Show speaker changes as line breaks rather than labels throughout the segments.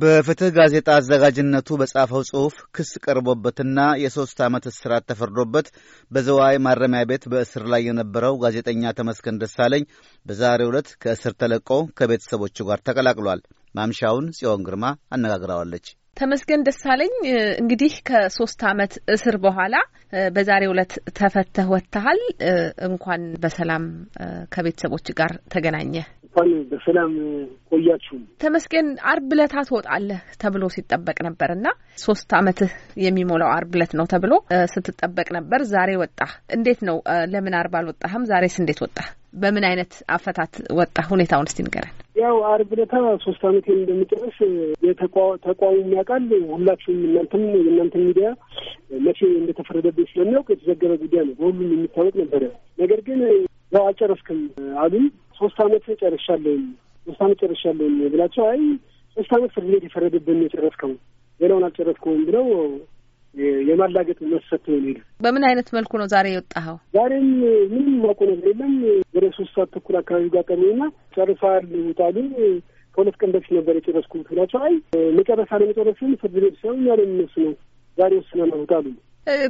በፍትህ ጋዜጣ አዘጋጅነቱ በጻፈው ጽሑፍ ክስ ቀርቦበትና የሦስት ዓመት እስራት ተፈርዶበት በዘዋይ ማረሚያ ቤት በእስር ላይ የነበረው ጋዜጠኛ ተመስገን ደሳለኝ በዛሬው ዕለት ከእስር ተለቆ ከቤተሰቦቹ ጋር ተቀላቅሏል። ማምሻውን ጽዮን ግርማ አነጋግረዋለች።
ተመስገን ደሳለኝ እንግዲህ ከሶስት ዓመት እስር በኋላ በዛሬው ዕለት ተፈተህ ወጥተሃል። እንኳን በሰላም ከቤተሰቦች ጋር ተገናኘ።
እንኳን በሰላም ቆያችሁ።
ተመስገን አርብ ዕለት ትወጣለህ ተብሎ ሲጠበቅ ነበር እና ሶስት አመትህ የሚሞላው አርብ ዕለት ነው ተብሎ ስትጠበቅ ነበር። ዛሬ ወጣ። እንዴት ነው? ለምን አርብ አልወጣህም? ዛሬስ እንዴት ወጣ? በምን አይነት አፈታት ወጣ? ሁኔታውን እስቲ ንገረን።
ያው አርብ ዕለት ሶስት አመት እንደምጨርስ ተቋሙ የሚያውቃል። ሁላችሁም እናንተም የእናንተ ሚዲያ መቼ እንደተፈረደብኝ ስለሚያውቅ የተዘገበ ጉዳይ ነው፣ በሁሉም የሚታወቅ ነበረ። ነገር ግን ያው አልጨረስክም አሉኝ። ሶስት አመት ጨርሻለሁኝ ሶስት አመት ጨርሻለሁኝ ብላቸው አይ ሶስት አመት ፍርድ ቤት የፈረደብን የጨረስከው ሌላውን አልጨረስከውም ብለው የማላገጥ መሰት ነው ሄዱ።
በምን አይነት መልኩ ነው ዛሬ የወጣኸው?
ዛሬም ምንም ማቆ ነገር የለም። ወደ ሶስት ሰዓት ተኩል አካባቢ ጋር ቀኑና ጨርሰሃል ውጣሉኝ። ከሁለት ቀን በፊት ነበር የጨረስኩት ብላቸው አይ መጨረሳ ለመጨረስም ፍርድ ቤት ሳይሆን ያለ እነሱ ነው ዛሬ ወስነን ውጣሉኝ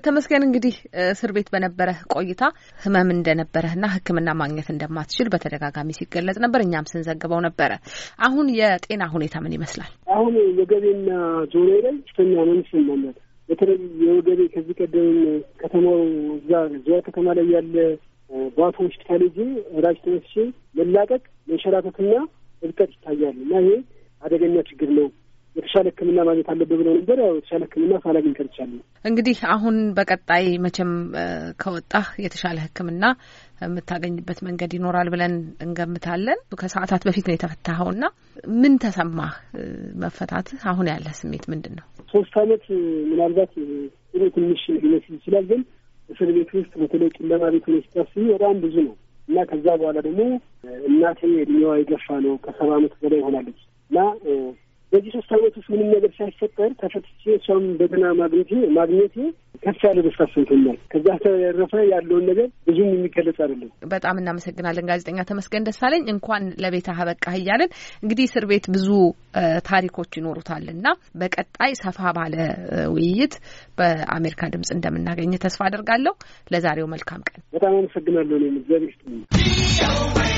ተመስገን እንግዲህ እስር ቤት በነበረ ቆይታ ህመም እንደነበረህና ሕክምና ማግኘት እንደማትችል በተደጋጋሚ ሲገለጽ ነበር። እኛም ስንዘግበው ነበረ። አሁን የጤና ሁኔታ ምን ይመስላል?
አሁን የገቤና ዞሬ ላይ ሽተኛ ህመም ይሰማኛል። በተለይ የወገቤ ከዚህ ቀደም ከተማው እዛ ዙያ ከተማ ላይ ያለ ባቶ ሆስፒታል ሄጄ ራጅ ተመስቼ መላቀቅ፣ መንሸራተትና እብጠት ይታያል እና ይሄ አደገኛ ችግር ነው የተሻለ ሕክምና ማግኘት አለበት ብለው ነበር። ያው የተሻለ ሕክምና ሳላግኝ ቀርቻለሁ።
እንግዲህ አሁን በቀጣይ መቼም ከወጣህ የተሻለ ሕክምና የምታገኝበት መንገድ ይኖራል ብለን እንገምታለን። ከሰዓታት በፊት ነው የተፈታኸው እና ምን ተሰማህ? መፈታትህ አሁን ያለ ስሜት ምንድን ነው?
ሶስት አመት ምናልባት ጥሩ ትንሽ ሊመስል ይችላል፣ ግን እስር ቤት ውስጥ በተለይ ጨለማ ቤት መስጠት በጣም ብዙ ነው እና ከዛ በኋላ ደግሞ እናቴ እድሜዋ የገፋ ነው ከሰባ አመት በላይ ይሆናለች እና በዚህ ሶስት አመት ውስጥ ምንም ነገር ሳይፈጠር ተፈትቼ እሷም በገና ማግኘቴ ማግኘቴ ከፍ ያለ ደስታ ሰንቶኛል። ከዛ ተረፈ ያለውን ነገር ብዙም የሚገለጽ አይደለም።
በጣም እናመሰግናለን ጋዜጠኛ ተመስገን ደሳለኝ። እንኳን ለቤትህ አበቃህ እያለን እንግዲህ እስር ቤት ብዙ ታሪኮች ይኖሩታል እና በቀጣይ ሰፋ ባለ ውይይት በአሜሪካ ድምጽ እንደምናገኝ ተስፋ አደርጋለሁ። ለዛሬው መልካም ቀን።
በጣም አመሰግናለሁ። እኔም እግዚአብሔር ይስጥልኝ።